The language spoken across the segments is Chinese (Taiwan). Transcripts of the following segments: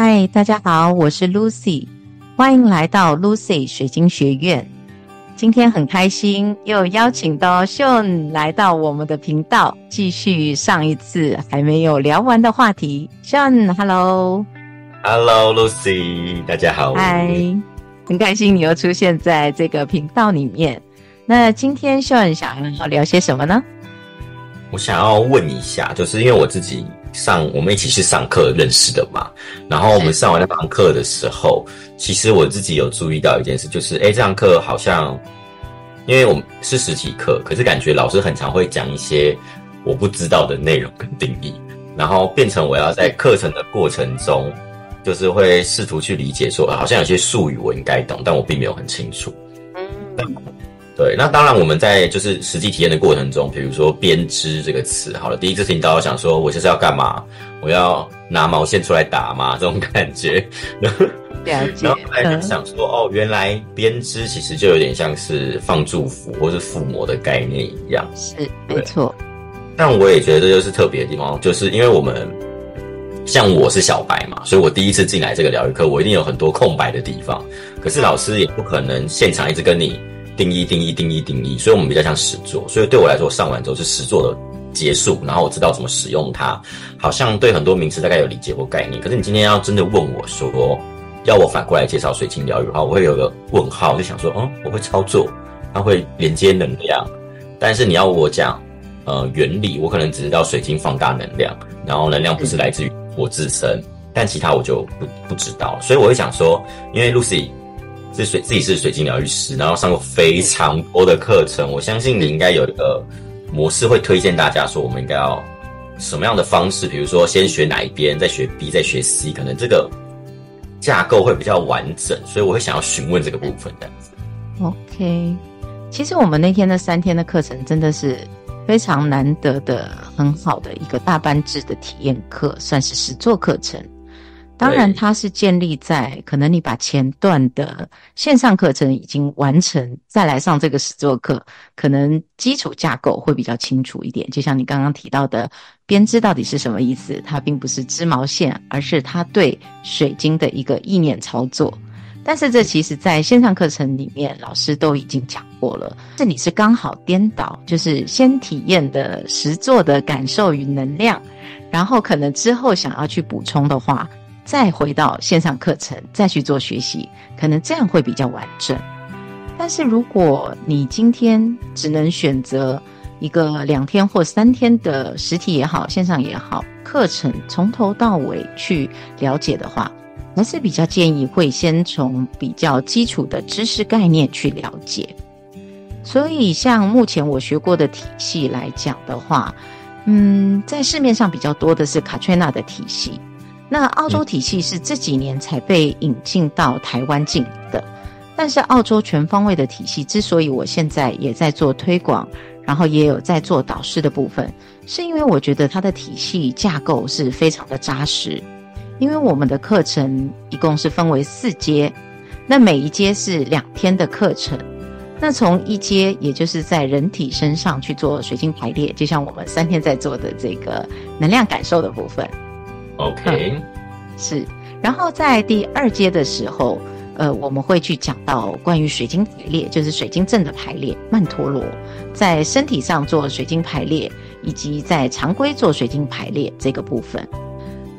嗨，Hi, 大家好，我是 Lucy，歡迎來到 Lucy 水晶學院。今天很開心，又邀請到 Sunan 來到我們的頻道，繼續上一次還沒有聊完的話題。Sunan，hello，hello Lucy，大家好，嗨，很開心你又出現在這個頻道裡面。那今天 Sunan 想要聊些什麼呢？我想要問一下，就是因為我自己上我們一起去上課認識的嘛，然後我們上完那堂課的時候，對其實我自己有注意到一件事，就是誒，這堂課好像，因為我們是實體課，可是感覺老師很常會講一些我不知道的內容跟定義，然後變成我要在課程的過程中，就是會試圖去理解說，說好像有些術語我應該懂，但我並沒有很清楚。嗯對，那當然我們在就是實際體驗的過程中，比如說編織這個詞，好了，第一次聽到我想說，我這是要幹嘛？我要拿毛線出來打嗎？這種感覺， 了解 然後，然後還想說，嗯、哦，原來編織其實就有點像是放祝福或是附魔的概念一樣，是對沒錯。但我也覺得這就是特別的地方，就是因為我們像我是小白嘛，所以我第一次進來這個療癒課，我一定有很多空白的地方，可是老師也不可能現場一直跟你。定義定義定義定義，所以我們比較像實作。所以對我來說，我上完之後是實作的結束，然後我知道怎麼使用它，好像對很多名詞大概有理解或概念。可是你今天要真的問我說，要我反過來介紹水晶療癒的話，我會有個問號，我就想說，哦、嗯，我會操作，它會連接能量，但是你要我講，呃，原理，我可能只知道水晶放大能量，然後能量不是來自於我自身，嗯、但其他我就不不知道了，所以我會想說，因為 Lucy。是水，自己是水晶療癒師，然後上過非常多的課程。我相信你應該有一個模式會推薦大家說，我們應該要什麼樣的方式，比如說先學哪一邊，再學 B，再學 C，可能這個架構會比較完整。所以我會想要詢問這個部分，這樣子。OK，其實我們那天的三天的課程真的是非常難得的，很好的一個大班制的體驗課，算是實作課程。當然，它是建立在可能你把前段的線上課程已經完成，再來上這個實作課，可能基礎架構會比較清楚一點。就像你剛剛提到的，編織到底是什麼意思？它並不是織毛線，而是它對水晶的一個意念操作。但是這其實在線上課程裡面，老師都已經講過了。這你是剛好顛倒，就是先體驗的實作的感受與能量，然後可能之後想要去補充的話。再回到線上課程，再去做學習，可能這樣會比較完整。但是如果你今天只能選擇一個兩天或三天的實體也好，線上也好，課程從頭到尾去了解的話，還是比較建議會先從比較基礎的知識概念去了解。所以像目前我學過的體系來講的話，嗯，在市面上比較多的是卡翠娜的體系。那澳洲體系是這幾年才被引進到台灣境的，但是澳洲全方位的體系之所以我現在也在做推廣，然後也有在做導師的部分，是因為我覺得它的體系架構是非常的紮實。因為我們的課程一共是分為四階，那每一階是兩天的課程，那從一階也就是在人體身上去做水晶排列，就像我們三天在做的這個能量感受的部分。OK、嗯、是。然後在第二階的時候，呃，我們會去講到關於水晶排列，就是水晶陣的排列、曼陀羅，在身體上做水晶排列，以及在常規做水晶排列這個部分。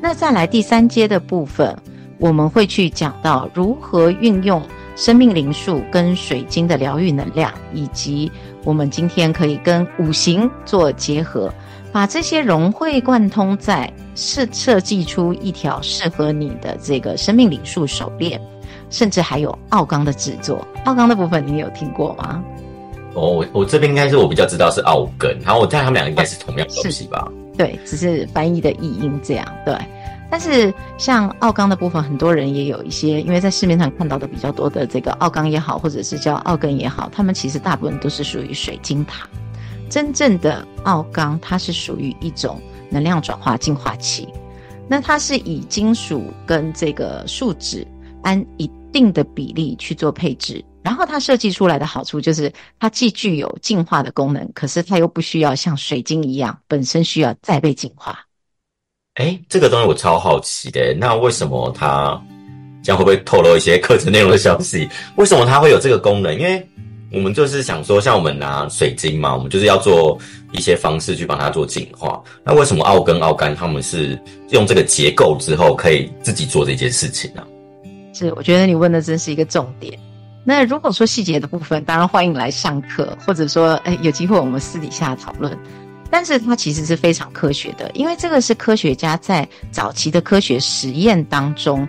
那再來第三階的部分，我們會去講到如何運用生命靈數跟水晶的療癒能量，以及我們今天可以跟五行做結合。把這些融會貫通在，在設設計出一條適合你的這個生命靈數手鏈甚至還有奧剛的製作。奧剛的部分，你有聽過嗎？哦，我我這邊應該是我比較知道是奧根，然後我猜他們兩個應該是同樣東西吧？對，只是翻譯的譯音這樣。對，但是像奧剛的部分，很多人也有一些，因為在市面上看到的比較多的這個奧剛也好，或者是叫奧根也好，他們其實大部分都是屬於水晶塔。真正的奧鋼，它是屬於一種能量轉化淨化器。那它是以金屬跟這個樹脂按一定的比例去做配置，然後它設計出來的好處就是，它既具有淨化的功能，可是它又不需要像水晶一樣本身需要再被淨化。哎、欸，這個東西我超好奇的、欸。那為什麼它將會被透露一些課程內容的消息？ 為什麼它會有這個功能？因為我們就是想說，像我們拿水晶嘛，我們就是要做一些方式去幫它做淨化。那為什麼奧根、奧乾他們是用這個結構之後可以自己做這件事情呢、啊？是，我覺得你問的真是一個重點。那如果說細節的部分，當然歡迎來上課，或者說，誒，有機會我們私底下討論。但是它其實是非常科學的，因為這個是科學家在早期的科學實驗當中。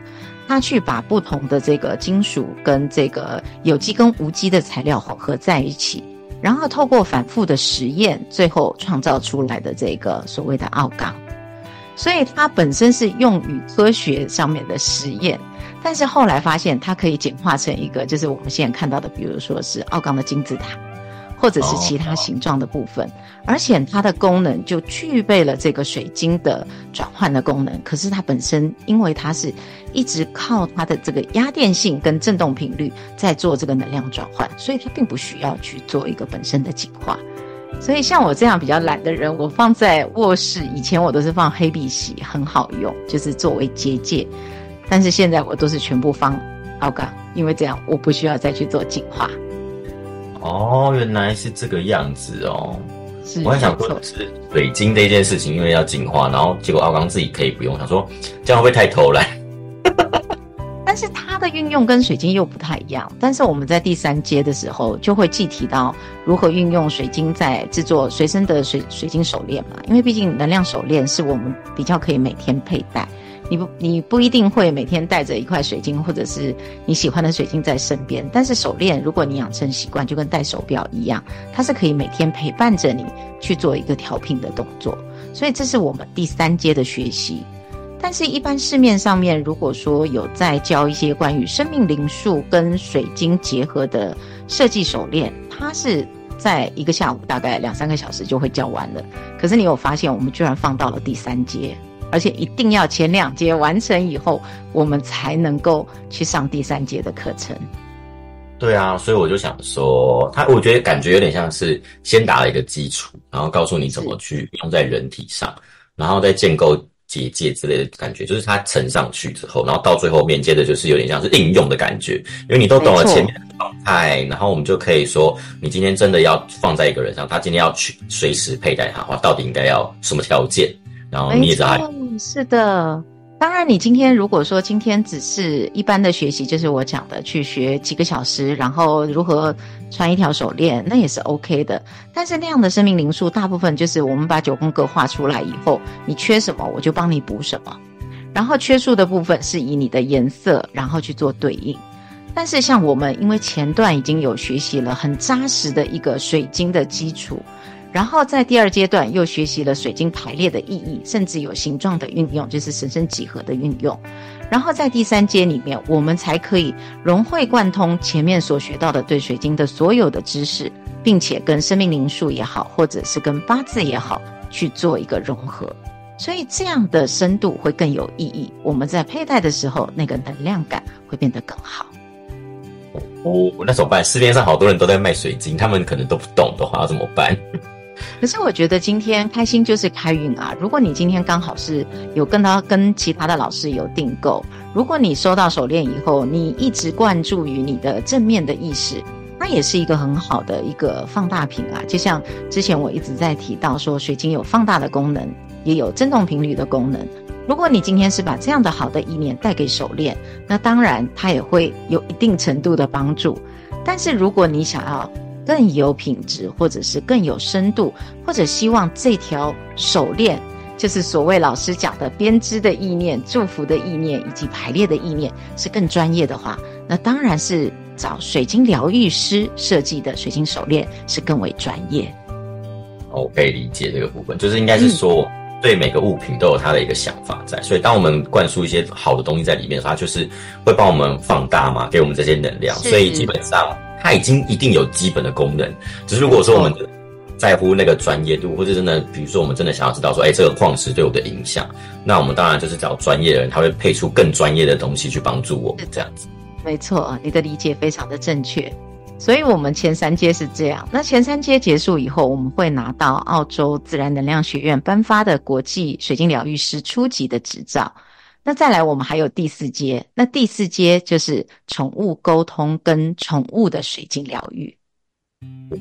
他去把不同的這個金屬跟這個有機跟無機的材料混合在一起，然後透過反覆的實驗，最後創造出來的這個所謂的奧剛。所以它本身是用於科學上面的實驗，但是後來發現它可以簡化成一個，就是我們現在看到的，比如說是奧剛的金字塔。或者是其他形狀的部分，而且它的功能就具備了這個水晶的轉換的功能。可是它本身，因為它是一直靠它的這個壓電性跟振動頻率在做這個能量轉換，所以它並不需要去做一個本身的淨化。所以像我這樣比較懶的人，我放在臥室以前我都是放黑碧玺，很好用，就是作為結界。但是現在我都是全部放奧剛，因為這樣我不需要再去做淨化。哦，原來是這個樣子哦。是我還想說，做錯水晶這件事情，因為要淨化，然後結果奧剛自己可以不用，想說這樣會不會太偷懶？來 但是它的運用跟水晶又不太一樣。但是我們在第三階的時候，就會既提到如何運用水晶在制作隨身的水水晶手鏈嘛，因為畢竟能量手鏈是我們比較可以每天佩戴。你不，你不一定會每天帶着一塊水晶或者是你喜歡的水晶在身邊，但是手鏈如果你養成習慣，就跟戴手錶一樣，它是可以每天陪伴着你去做一個調頻的動作。所以這是我們第三階的學習。但是，一般市面上面如果說有在教一些關於生命靈數跟水晶結合的設計手鏈，它是在一個下午大概兩三個小時就會教完了。可是你有發現，我們居然放到了第三階。而且一定要前兩節完成以後，我們才能夠去上第三節的課程。對啊，所以我就想說，他我覺得感覺有點像是先打了一個基礎，然後告訴你怎麼去用在人體上，是然後再建構結界之類的感覺。就是它沉上去之後，然後到最後面，接着就是有點像是應用的感覺，因為你都懂了前面的狀態錯然後我們就可以說，你今天真的要放在一個人上，他今天要去隨時佩戴它的話，到底應該要什麼條件？然後你也沒錯，是的。當然，你今天如果說今天只是一般的學習，就是我講的去學幾個小時，然後如何穿一條手鏈，那也是 OK 的。但是那樣的生命靈數，大部分就是我們把九宮格畫出來以後，你缺什麼我就幫你補什麼，然後缺數的部分是以你的顏色然後去做對應。但是像我們，因為前段已經有學習了很紮實的一個水晶的基礎。然後在第二階段又學習了水晶排列的意義，甚至有形狀的運用，就是神聖幾何的運用。然後在第三階裡面，我們才可以融會貫通前面所學到的對水晶的所有的知識，並且跟生命靈數也好，或者是跟八字也好去做一個融合。所以這樣的深度會更有意義。我們在佩戴的時候，那個能量感會變得更好。哦，哦，那怎麼辦？市面上好多人都在賣水晶，他們可能都不懂的話，要怎麼辦？ 可是我覺得今天開心就是開運啊！如果你今天剛好是有跟他跟其他的老師有訂購，如果你收到手鏈以後，你一直關注於你的正面的意識，那也是一個很好的一個放大品啊！就像之前我一直在提到說，水晶有放大的功能，也有振動頻率的功能。如果你今天是把這樣的好的意念帶給手鏈，那當然它也會有一定程度的幫助。但是如果你想要，更有品質，或者是更有深度，或者希望這條手鏈就是所謂老師講的編織的意念、祝福的意念以及排列的意念是更專業的話，那當然是找水晶療癒師設計的水晶手鏈是更為專業。我可以理解這個部分，就是應該是說、嗯、對每個物品都有它的一個想法在，所以當我們灌輸一些好的東西在裡面，它就是會幫我們放大嘛，給我們這些能量，是所以基本上。它已經一定有基本的功能，只是如果說我們在乎那個專業度，沒錯，或者真的，比如說我們真的想要知道說，哎，這個礦石對我的影響，那我們當然就是找專業的人，他會配出更專業的東西去幫助我們，這樣子。沒錯，你的理解非常的正確。所以我們前三階是這樣，那前三階結束以後，我們會拿到澳洲自然能量學院頒發的國際水晶療癒師初級的執照。那再來，我們還有第四階。那第四階就是寵物溝通跟寵物的水晶療癒。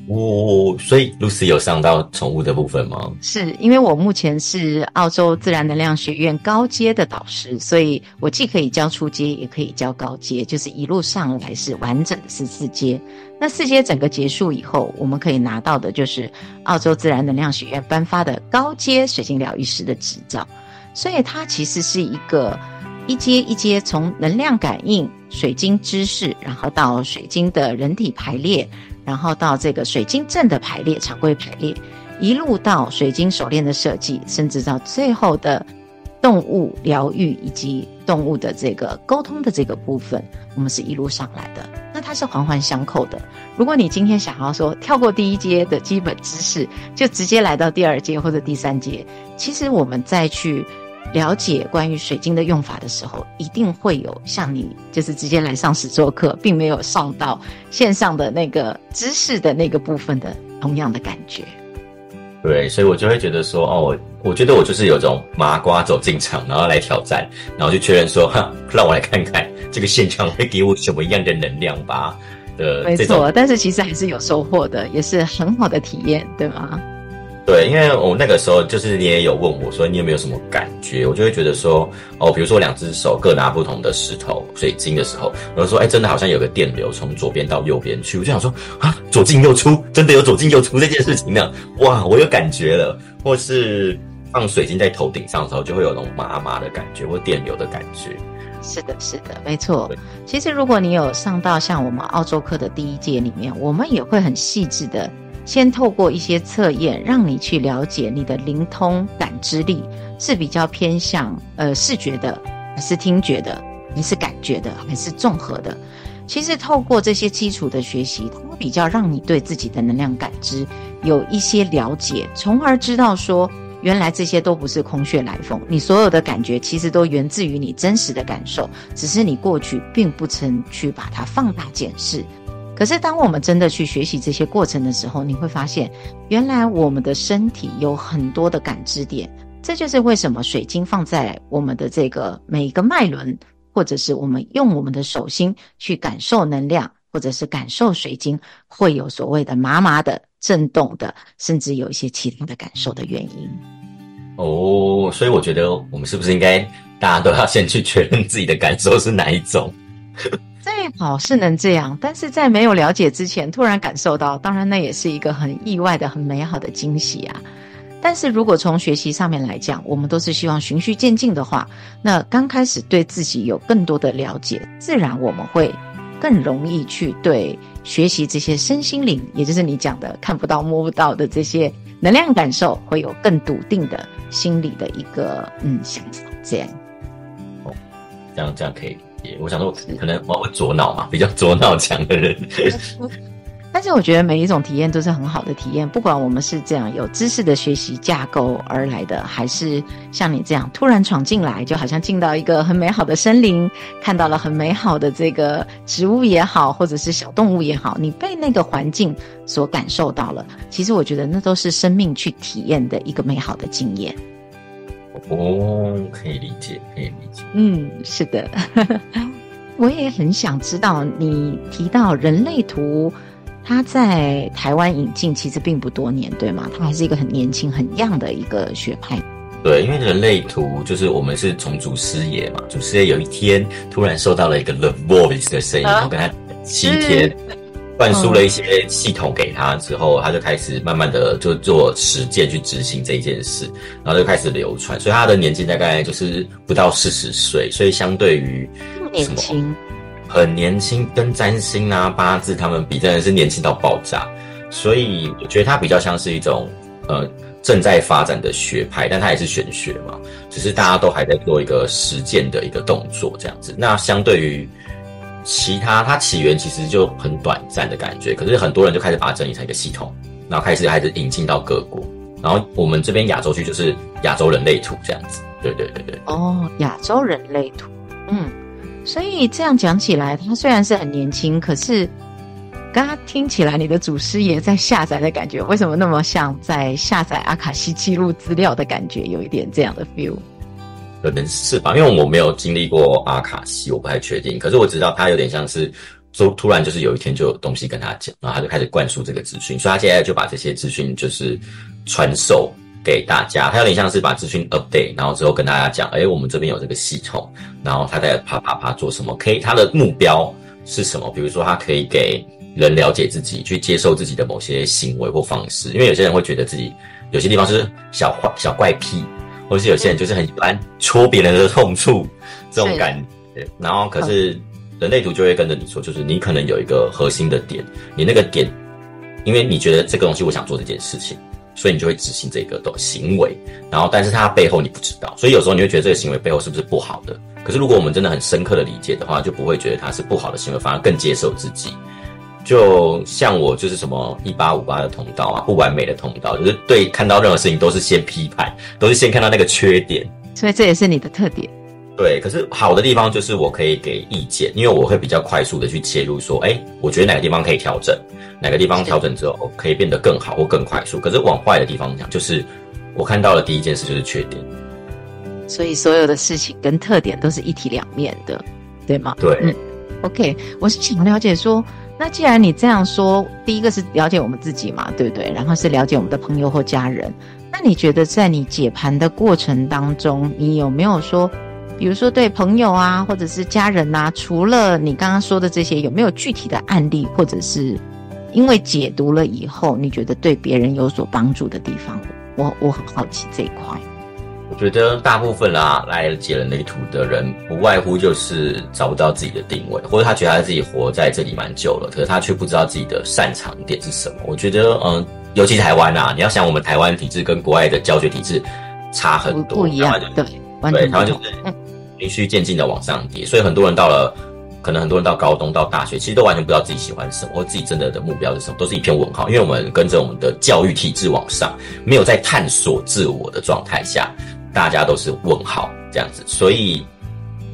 哦，所以 Lucy 有上到寵物的部分嗎？是，因為我目前是澳洲自然能量學院高階的導師，所以我既可以教初階，也可以教高階，就是一路上來是完整的是四階。那四階整個結束以後，我們可以拿到的就是澳洲自然能量學院頒發的高階水晶療癒師的執照。所以它其實是一個一階一階從能量感應、水晶知識，然後到水晶的人體排列，然後到這個水晶陣的排列、常規排列，一路到水晶手鏈的設計，甚至到最後的動物療癒以及動物的這個溝通的這個部分，我們是一路上來的。那它是環環相扣的。如果你今天想要說跳過第一階的基本知識，就直接來到第二階或者第三階，其實我們再去。了解關於水晶的用法的時候，一定會有像你就是直接來上實作課，並沒有上到線上的那個知識的那個部分的同樣的感覺。對，所以我就會覺得說，哦，我,我覺得我就是有一種麻瓜走進場，然後來挑戰，然後就確認說，哈，讓我來看看這個現場會給我什麼樣的能量吧。呃，沒錯，種但是其實還是有收穫的，也是很好的體驗，對嗎？對，因為我那個時候就是你也有問我，說你有沒有什麼感覺？我就會覺得說，哦，比如說兩隻手各拿不同的石頭、水晶的時候，我就說，哎、欸，真的好像有個電流從左邊到右邊去，我就想說啊，左進右出，真的有左進右出這件事情呢？哇，我有感覺了。或是放水晶在頭頂上的時候，就會有那種麻麻的感覺，或電流的感覺。是的，是的，沒錯。對其實如果你有上到像我們澳洲課的第一節裡面，我們也會很細緻的。先透過一些測驗，讓你去了解你的靈通感知力是比較偏向呃視覺的，還是聽覺的，還是感覺的，還是綜合的？其實透過這些基礎的學習，它會比較讓你對自己的能量感知有一些了解，從而知道說，原來這些都不是空穴來風，你所有的感覺其實都源自於你真實的感受，只是你過去並不曾去把它放大檢視。可是，當我們真的去學習這些過程的時候，你會發現，原來我們的身體有很多的感知點。這就是為什麼水晶放在我們的這個每一個脈輪，或者是我們用我們的手心去感受能量，或者是感受水晶，會有所謂的麻麻的、震動的，甚至有一些其他的感受的原因。哦，所以我覺得，我們是不是應該大家都要先去確認自己的感受是哪一種？ 最好是能這樣，但是在沒有了解之前，突然感受到，當然那也是一個很意外的、很美好的驚喜啊。但是如果從學習上面來講，我們都是希望循序漸進的話，那剛開始對自己有更多的了解，自然我們會更容易去對學習這些身心靈，也就是你講的看不到、摸不到的這些能量感受，會有更篤定的心理的一個，嗯，想法。這樣，哦，這樣這樣可以。我想說，我可能我左腦嘛，比較左腦強的人。 但是我覺得每一種體驗都是很好的體驗，不管我們是這樣有知識的學習架構而來的，還是像你這樣突然闖進來，就好像進到一個很美好的森林，看到了很美好的這個植物也好，或者是小動物也好，你被那個環境所感受到了。其實我覺得那都是生命去體驗的一個美好的經驗。哦，可以理解，可以理解。嗯，是的， 我也很想知道你提到人類圖，它在台灣引進其實並不多年，對嗎？它還是一個很年輕、很 young 的一個學派。對，因為人類圖就是我們是從祖師爺嘛，祖師爺有一天突然收到了一個冷漠的聲音，我跟、啊、他七天。灌輸了一些系統給他之後，他就開始慢慢的就做實踐去執行這一件事，然後就開始流傳。所以他的年紀大概就是不到四十歲，所以相對於年輕，很年輕，跟占星啊、八字他們比，真的是年輕到爆炸。所以我覺得他比較像是一種呃正在發展的學派，但他也是玄學嘛，只是大家都還在做一個實踐的一個動作這樣子。那相對於其他它起源其實就很短暫的感覺，可是很多人就開始把它整理成一個系統，然後開始開始引進到各國，然後我們這邊亞洲區就是亞洲人類圖這樣子，對對對對。哦，亞洲人類圖，嗯，所以這樣講起來，它雖然是很年輕，可是剛剛聽起來你的祖師爺在下載的感覺，為什麼那麼像在下載阿卡西記錄資料的感覺，有一點這樣的 feel。可能是吧，因為我沒有經歷過阿卡西，我不太確定。可是我知道他有點像是，就突然就是有一天就有東西跟他講，然後他就開始灌輸這個資訊，所以他現在就把這些資訊就是傳授給大家，他有點像是把資訊 update，然後之後跟大家講，誒、欸，我們這邊有這個系統，然後他在啪啪啪做什麼？可以，他的目標是什麼？比如說，他可以給人了解自己，去接受自己的某些行為或方式，因為有些人會覺得自己有些地方是小壞、小怪癖。或是有些人就是很喜歡戳別人的痛處，嗯、這種感覺。是的、對。然後可是人類圖就會跟着你說，嗯、就是你可能有一個核心的點，你那個點，因為你覺得這個東西，我想做這件事情，所以你就會執行這個的行為，然後但是它背後你不知道，所以有時候你會覺得這個行為背後是不是不好的，可是如果我們真的很深刻的理解的話，就不會覺得它是不好的行為，反而更接受自己。就像我就是什麼一八五八的通道啊，不完美的通道，就是對看到任何事情都是先批判，都是先看到那個缺點，所以這也是你的特點。對，可是好的地方就是我可以給意見，因為我會比較快速的去切入，說，誒，我覺得哪個地方可以調整，哪個地方調整之後是可以變得更好或更快速。可是往壞的地方講，就是我看到的第一件事就是缺點，所以所有的事情跟特點都是一體兩面的，對嗎？對。嗯。OK，我是想了解說。那既然你這樣說，第一個是了解我們自己嘛，對不對？然後是了解我們的朋友或家人。那你覺得在你解盤的過程當中，你有沒有說，比如說對朋友啊，或者是家人啊，除了你剛剛說的這些，有沒有具體的案例，或者是因為解讀了以後，你覺得對別人有所幫助的地方？我我很好奇這一塊。覺得大部分啊，來解人類圖的人，不外乎就是找不到自己的定位，或者他覺得他自己活在這裡蠻久了，可是他卻不知道自己的擅長點是什麼。我覺得，嗯，尤其台灣吶、啊，你要想我們台灣體制跟國外的教學體制差很多，不，不一樣的，對、就是、對，對台灣就是循序漸進的往上疊，所以很多人到了，嗯、可能很多人到高中到大學，其實都完全不知道自己喜歡什麼，或自己真的的目標是什麼，都是一片問號，因為我們跟着我們的教育體制往上，沒有在探索自我的狀態下。大家都是問號這樣子，所以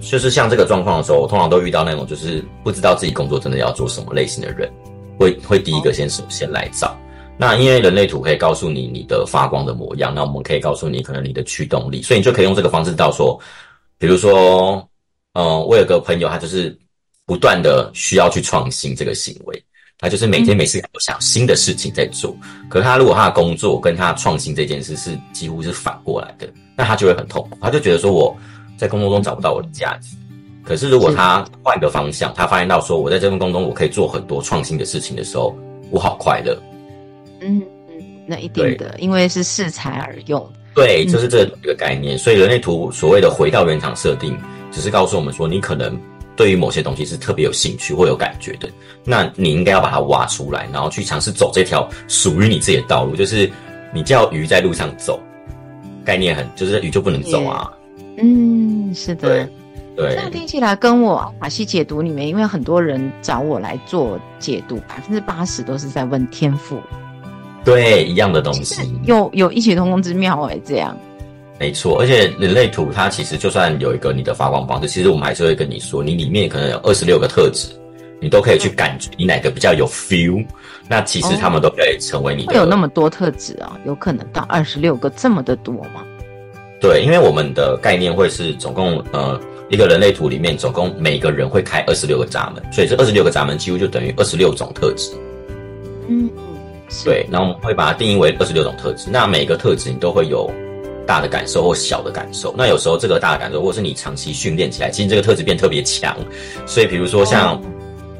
就是像這個狀況的時候，我通常都遇到那種就是不知道自己工作真的要做什麼類型的人，會會第一個先首先來找。那因為人類圖可以告訴你你的發光的模樣，那我們可以告訴你可能你的驅動力，所以你就可以用這個方式到說，比如說，嗯，我有個朋友，他就是不斷的需要去創新這個行為，他就是每天每次有想新的事情在做，嗯、可他如果他的工作跟他創新這件事是幾乎是反過來的。那他就會很痛，他就覺得說，我在工作中找不到我的價值。嗯、可是如果他換一個方向，是他發現到說，我在這份工作中我可以做很多創新的事情的時候，我好快樂。嗯嗯，那一定的，對因為是適才而用。對，就、嗯、是這個概念。所以人類圖所謂的回到原廠設定，只是告訴我們說，你可能對於某些東西是特別有興趣或有感覺的，那你應該要把它挖出來，然後去嘗試走這條屬於你自己的道路，就是你叫魚在路上走。概念很，就是你就不能走啊。Yeah. 嗯，是的，對。這樣聽起來跟我法、啊、系解讀裡面，因為很多人找我來做解讀，百分之八十都是在問天賦。對，一樣的東西，有有異曲同工之妙哎、欸，這樣。沒錯，而且人類圖它其實就算有一個你的發光方式，其實我們還是會跟你說，你裡面可能有二十六個特質。你都可以去感覺你哪個比較有 feel，那其實他們都可以成為你的。會有那麼多特質啊？有可能到二十六個這麼的多嗎？對，因為我們的概念會是總共呃，一個人類圖裡面總共每個人會開二十六個閘門，所以這二十六個閘門幾乎就等於二十六種特質。嗯嗯。對，然後我們會把它定義為二十六種特質。那每個特質你都會有大的感受或小的感受。那有時候這個大的感受，或是你長期訓練起來，其實這個特質變特別強。所以比如說像。嗯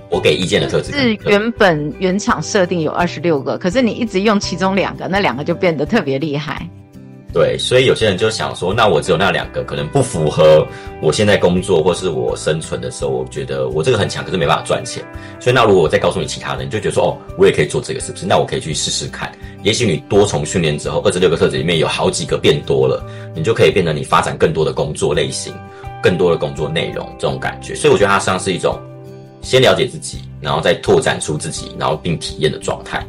我給意見的特質是原本原廠設定有二十六個，可是你一直用其中兩個，那兩個就變得特別厲害。對，所以有些人就想說，那我只有那兩個，可能不符合我現在工作或是我生存的時候，我覺得我這個很強，可是沒辦法賺錢。所以那如果我再告訴你其他人，你就覺得說，哦，我也可以做這個，是不是？那我可以去試試看。也許你多重訓練之後，二十六個特質裡面有好幾個變多了，你就可以變得你發展更多的工作類型、更多的工作內容這種感覺。所以我覺得它像是一種。先了解自己，然後再拓展出自己，然後並體驗的狀態。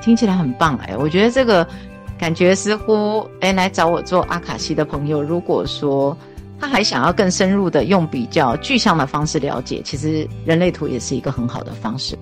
聽起來很棒哎、欸！我覺得這個感覺似乎誒、欸，來找我做阿卡西的朋友，如果說他還想要更深入的用比較具象的方式了解，其實人類圖也是一個很好的方式。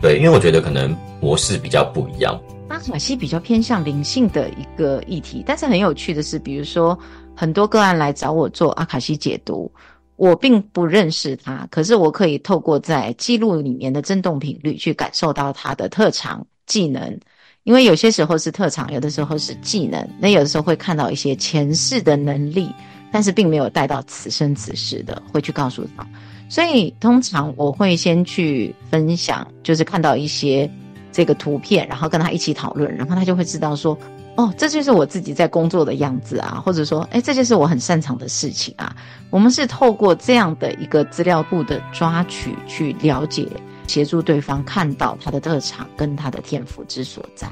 對，因為我覺得可能模式比較不一樣。阿卡西比較偏向靈性的一個議題。但是很有趣的是，比如說很多個案來找我做阿卡西解讀。我並不認識他，可是我可以透過在記錄裡面的振動頻率去感受到他的特長技能，因為有些時候是特長，有的時候是技能，那有的時候會看到一些前世的能力，但是並沒有帶到此生此世的，會去告訴他。所以通常我會先去分享，就是看到一些這個圖片，然後跟他一起討論，然後他就會知道說。哦，這就是我自己在工作的樣子啊，或者說，哎，這就是我很擅長的事情啊。我們是透過這樣的一個資料庫的抓取去了解，協助對方看到他的特長跟他的天賦之所在。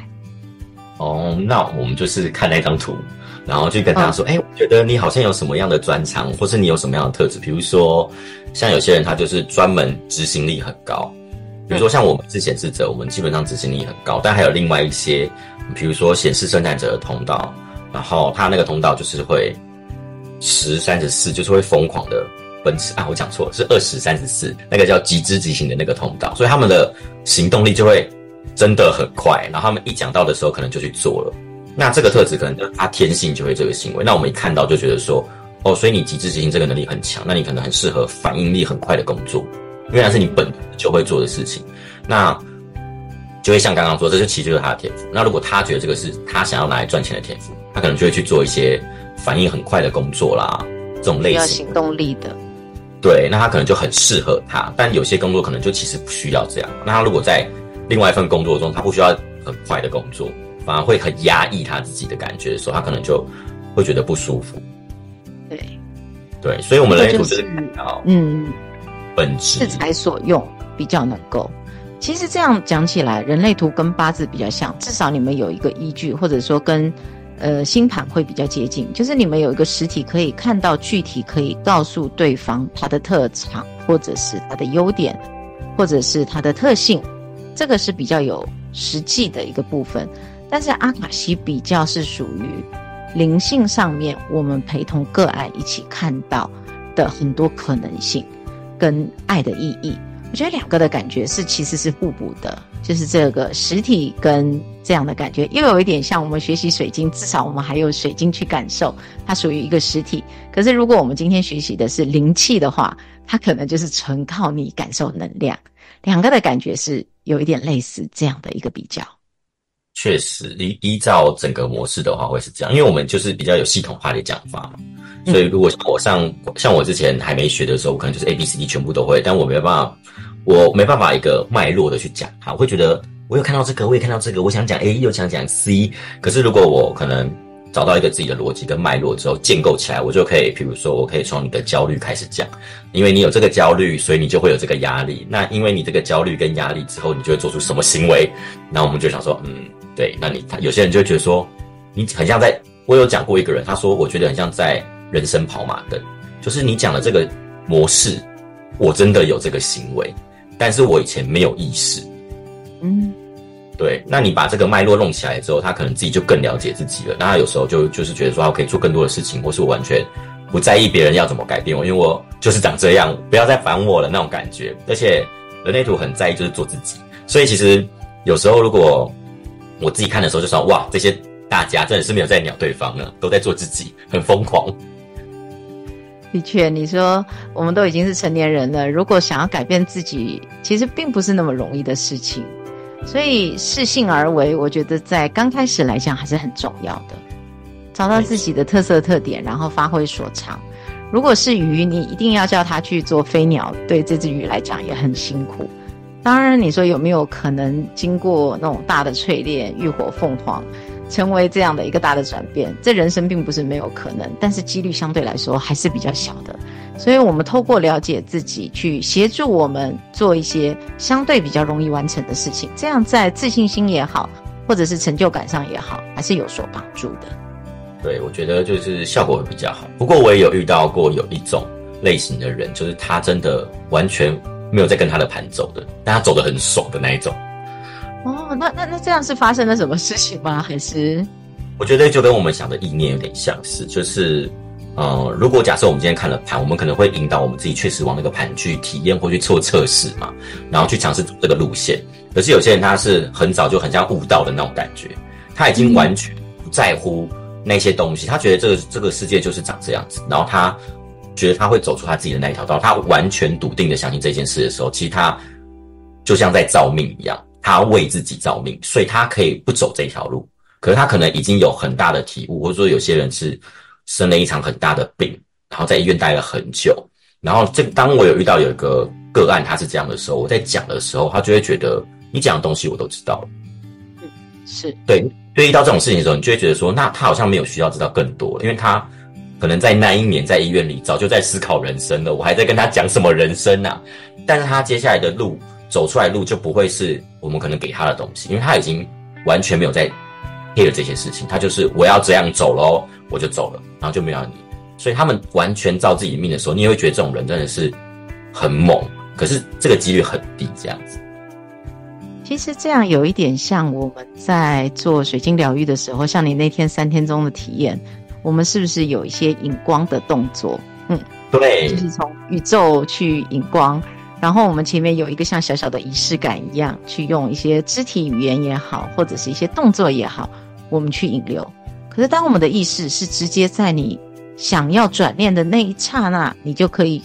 哦，那我們就是看那張圖，然後去跟他說，哎、哦，我覺得你好像有什麼樣的專長，或是你有什麼樣的特質。比如說，像有些人他就是專門執行力很高，嗯、比如說像我們之前是顯示者，我們基本上執行力很高，但還有另外一些。比如說顯示生產者的通道，然後他那個通道就是會十三十四，就是會瘋狂的奔馳啊！我講錯了，是二十三十四，那個叫極致執行的那個通道，所以他們的行動力就會真的很快。然後他們一講到的時候，可能就去做了。那這個特質可能就是他天性就會這個行為。那我們一看到就覺得說，哦，所以你極致執行這個能力很強，那你可能很適合反應力很快的工作，因為那是你本就會做的事情。那就會像剛剛說，這就其實就是他的天賦。那如果他覺得這個是他想要拿來賺錢的天賦，他可能就會去做一些反應很快的工作啦，這種類型行動力的。對，那他可能就很適合他。但有些工作可能就其實不需要這樣。那他如果在另外一份工作中，他不需要很快的工作，反而會很壓抑他自己的感覺的時候，他可能就會覺得不舒服。對對，所以我們人類圖就是、就是、好嗯，本質適才所用比較能夠。其實這樣講起來，人類圖跟八字比較像，至少你們有一個依據，或者說跟，呃，星盤會比較接近。就是你們有一個實體可以看到，具體可以告訴對方他的特長，或者是他的優點，或者是他的特性，這個是比較有實際的一個部分。但是阿卡西比較是屬於靈性上面，我們陪同個案一起看到的很多可能性，跟愛的意義。我覺得兩個的感覺是其實是互補的，就是這個實體跟這樣的感覺，又有一點像我們學習水晶，至少我們還有水晶去感受，它屬於一個實體。可是如果我們今天學習的是靈氣的話，它可能就是純靠你感受能量。兩個的感覺是有一點類似這樣的一個比較。確實依依照整個模式的話，會是這樣，因為我們就是比較有系統化的講法嘛，所以如果我上像，像我之前還沒學的時候，我可能就是 A B C D 全部都會，但我沒辦法，我沒辦法一個脈絡的去講，好，我會覺得我有看到這個，我也看到這個，我想講 A 又想講 C，可是如果我可能找到一個自己的邏輯跟脈絡之後建構起來，我就可以，譬如說我可以從你的焦慮開始講，因為你有這個焦慮，所以你就會有這個壓力，那因為你這個焦慮跟壓力之後，你就會做出什麼行為，那我們就想說，嗯。對，那你他有些人就會覺得說，你很像在，我有講過一個人，他說我覺得很像在人生跑馬燈，就是你講的這個模式，我真的有這個行為，但是我以前沒有意識。嗯，對，那你把這個脈絡弄起來之後，他可能自己就更了解自己了，那他有時候就就是覺得說，我可以做更多的事情，或是我完全不在意別人要怎麼改變我，因為我就是長這樣，不要再煩我了那種感覺。而且人類圖很在意就是做自己，所以其實有時候如果。我自己看的時候就說：“哇，這些大家真的是沒有在鳥對方呢，都在做自己，很瘋狂。”的確，你說我們都已經是成年人了，如果想要改變自己，其實並不是那麼容易的事情。所以適性而為，我覺得在剛開始來講還是很重要的，找到自己的特色特點，然後發揮所長。如果是魚，你一定要叫它去做飛鳥，對這隻魚來講也很辛苦。當然，你說有沒有可能經過那種大的淬煉，浴火鳳凰，成為這樣的一個大的轉變？這人生並不是沒有可能，但是幾率相對來說還是比較小的。所以，我們透過了解自己，去協助我們做一些相對比較容易完成的事情，這樣在自信心也好，或者是成就感上也好，還是有所幫助的。對，我覺得就是效果會比較好。不過，我也有遇到過有一種類型的人，就是他真的完全。沒有在跟他的盤走的，但他走得很爽的那一種。哦，那那那這樣是發生了什麼事情嗎？還是？我覺得就跟我們想的意念有點相似，就是，呃，如果假設我們今天看了盤，我們可能會引導我們自己確實往那個盤去體驗或去做測試嘛，然後去嘗試走這個路線。可是有些人他是很早就很像悟道的那種感覺，他已經完全不在乎那些東西，嗯，他覺得這個這個世界就是長這樣子，然後他覺得他會走出他自己的那一條道，他完全篤定的相信這件事的時候，其實他就像在造命一樣，他為自己造命，所以他可以不走這條路。可是他可能已經有很大的體悟，或者說有些人是生了一場很大的病，然後在醫院待了很久。然後這當我有遇到有一個個案，他是這樣的時候，我在講的時候，他就會覺得你講的東西我都知道了。嗯，是。對，對，遇到這種事情的時候，你就會覺得說，那他好像沒有需要知道更多，因為他。可能在那一年，在醫院裡早就在思考人生了。我還在跟他講什麼人生呢？啊！但是他接下來的路走出來，路就不會是我們可能給他的東西，因為他已經完全沒有在 care 這些事情。他就是我要這樣走嘍，我就走了，然後就沒有你。所以他們完全照自己命的時候，你也會覺得這種人真的是很猛。可是這個幾率很低，這樣子。其實這樣有一點像我們在做水晶療癒的時候，像你那天三天中的體驗。我們是不是有一些引光的動作？嗯，對，就是從宇宙去引光，然後我們前面有一個像小小的儀式感一樣，去用一些肢體語言也好，或者是一些動作也好，我們去引流。可是當我們的意識是直接在你想要轉念的那一剎那，你就可以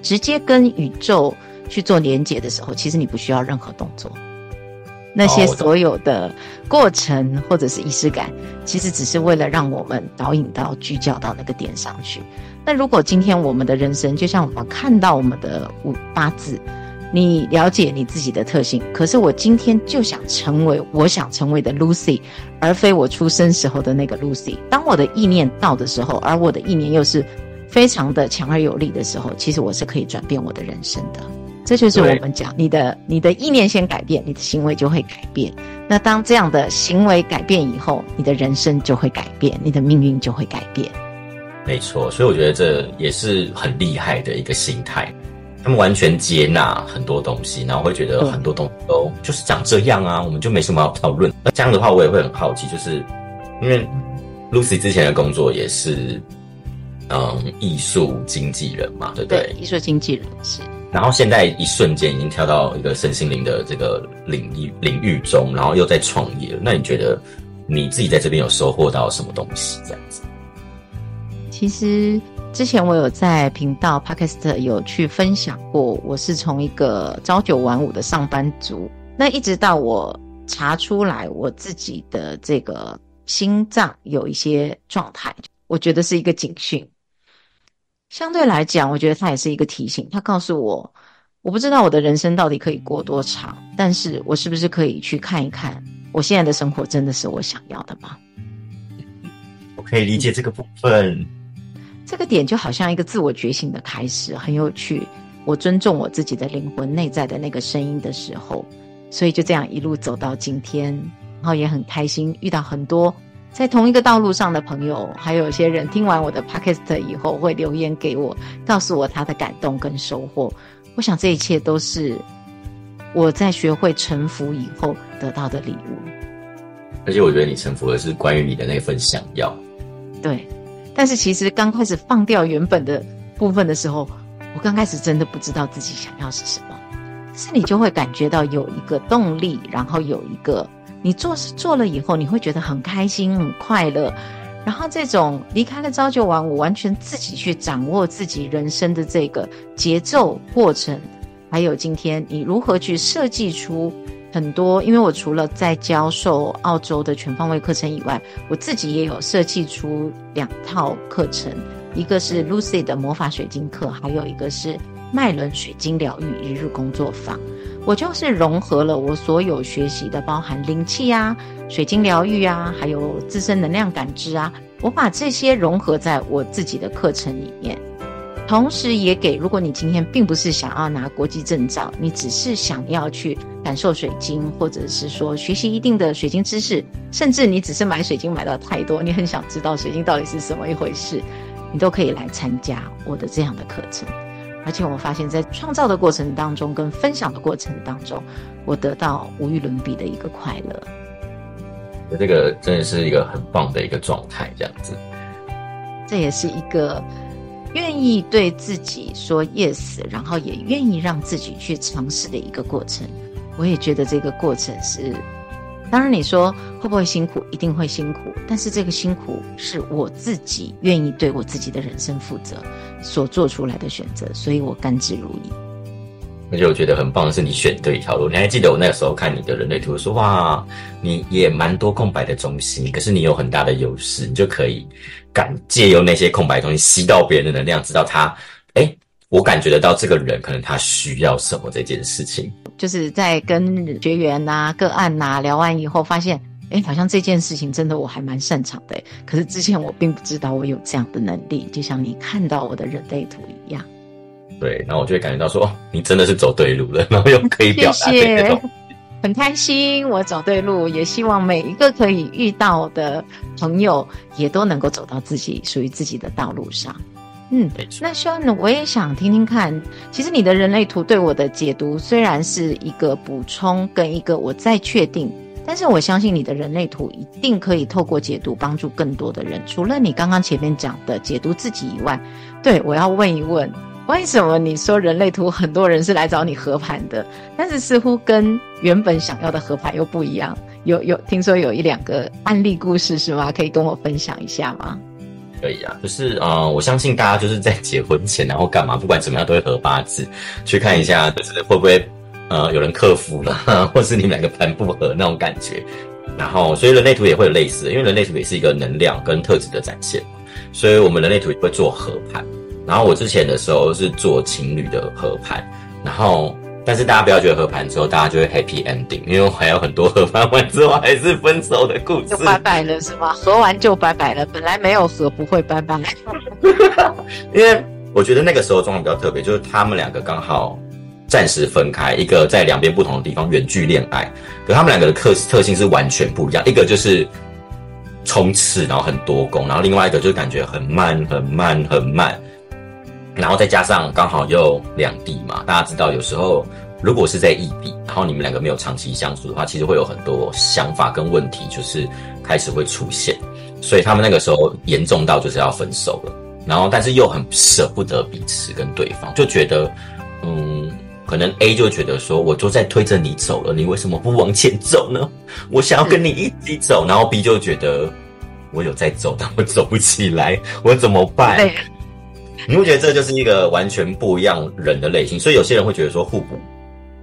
直接跟宇宙去做連接的時候，其實你不需要任何動作。那些所有的過程或者是儀式感，其實只是為了讓我們導引到聚焦到那個點上去。那如果今天我們的人生，就像我們看到我們的五八字，你了解你自己的特性，可是我今天就想成為我想成為的 Lucy，而非我出生時候的那個 Lucy。當我的意念到的時候，而我的意念又是非常的強而有力的時候，其實我是可以轉變我的人生的。這就是我們講對你的你的意念先改變，你的行為就會改變。那當這樣的行為改變以後，你的人生就會改變，你的命運就會改變。沒錯，所以我覺得這也是很厲害的一個心態。他們完全接納很多東西，然後會覺得很多東西都就是長這樣啊，對我們就沒什麼好討論。那這樣的話，我也會很好奇，就是因為 Lucy 之前的工作也是嗯藝術經紀人嘛，對不對？對，藝術經紀人是。然後現在一瞬間已經跳到一個身心靈的這個領域領域中，然後又在創業，那你覺得你自己在這邊有收穫到什麼東西？這樣子？其實之前我有在頻道 Podcast 有去分享過，我是從一個朝九晚五的上班族，那一直到我查出來我自己的這個心臟有一些狀態，我覺得是一個警訊。相對來講，我覺得它也是一個提醒。他告訴我，我不知道我的人生到底可以過多長，但是我是不是可以去看一看，我現在的生活真的是我想要的嗎？我可以理解這個部分。嗯，這個點就好像一個自我覺醒的開始，很有趣。我尊重我自己的靈魂內在的那個聲音的時候，所以就這樣一路走到今天，然後也很開心遇到很多。在同一個道路上的朋友，還有一些人聽完我的 podcast 以後會留言給我，告訴我他的感動跟收穫。我想這一切都是我在學會臣服以後得到的禮物。而且我覺得你臣服的是關於你的那份想要。對。但是其實剛開始放掉原本的部分的時候，我剛開始真的不知道自己想要是什麼，是你就會感覺到有一個動力，然後有一個。你做事做了以後，你會覺得很開心、很快樂。然後這種離開了朝九晚五，我完全自己去掌握自己人生的這個節奏過程，還有今天你如何去設計出很多。因為我除了在教授澳洲的全方位課程以外，我自己也有設計出兩套課程，一個是 Lucy 的魔法水晶課，還有一個是脈輪水晶療癒一日工作坊。我就是融合了我所有學習的，包含靈氣啊、水晶療癒啊，還有自身能量感知啊，我把這些融合在我自己的課程裡面，同時也給，如果你今天並不是想要拿國際證照，你只是想要去感受水晶，或者是說學習一定的水晶知識，甚至你只是買水晶買到太多，你很想知道水晶到底是什麼一回事，你都可以來參加我的這樣的課程。而且我發現，在創造的過程當中，跟分享的過程當中，我得到無與倫比的一個快樂。這個真的是一個很棒的一個狀態，這樣子。這也是一個願意對自己說 yes，然後也願意讓自己去嘗試的一個過程。我也覺得這個過程是。當然，你說會不會辛苦？一定會辛苦。但是這個辛苦是我自己願意對我自己的人生負責所做出來的選擇，所以我甘之如飴。而且我覺得很棒的是，你選對一條路。你還記得我那個時候看你的人類圖說，說哇，你也蠻多空白的中心，可是你有很大的優勢，你就可以敢借由那些空白的東西吸到別人的能量，知道他誒我感覺得到這個人可能他需要什麼這件事情，就是在跟學員吶、啊、個案吶、啊、聊完以後，發現，哎，好像這件事情真的我還蠻擅長的，可是之前我並不知道我有這樣的能力，就像你看到我的人類圖一樣。對，然後我就會感覺到說，哦，你真的是走對路了，然後又可以表達這個很開心，我走對路，也希望每一個可以遇到的朋友也都能夠走到自己屬於自己的道路上。嗯，那 Sunan，我也想聽聽看。其實你的人類圖對我的解讀雖然是一個補充跟一個我再確定，但是我相信你的人類圖一定可以透過解讀幫助更多的人。除了你剛剛前面講的解讀自己以外，對，我要問一問，為什麼你說人類圖很多人是來找你合盤的，但是似乎跟原本想要的合盤又不一樣？有有聽說有一兩個案例故事是嗎？可以跟我分享一下嗎？可以啊，可、就是呃，我相信大家就是在結婚前，然後幹嘛，不管怎麼樣都會合八字，去看一下就是會不會呃有人克夫了，或是你們兩個盤不合那種感覺。然後，所以人類圖也會有類似的，因為人類圖也是一個能量跟特質的展現。所以我們人類圖也會做合盤。然後我之前的時候是做情侶的合盤，然後。但是大家不要覺得合盤之後大家就會 happy ending，因為我還有很多合盤完之後還是分手的故事，就拜拜了是嗎？合完就拜拜了，本來沒有合不會拜拜了。 因為我覺得那個時候狀況比較特別，就是他們兩個剛好暫時分開，一個在兩邊不同的地方遠距戀愛，可是他們兩個的特特性是完全不一樣，一個就是衝刺，然後很多功，然後另外一個就感覺很慢，很慢，很慢。然後再加上剛好又兩地嘛，大家知道有時候如果是在異地，然後你們兩個沒有長期相處的話，其實會有很多想法跟問題，就是開始會出現。所以他們那個時候嚴重到就是要分手了，然後但是又很捨不得彼此跟對方，就覺得嗯，可能 A 就覺得說，我都在推着你走了，你為什麼不往前走呢？我想要跟你一起走。嗯、然後 B 就覺得我有在走，但我走不起來，我怎麼辦？你會覺得這就是一個完全不一樣人的類型，所以有些人會覺得說互補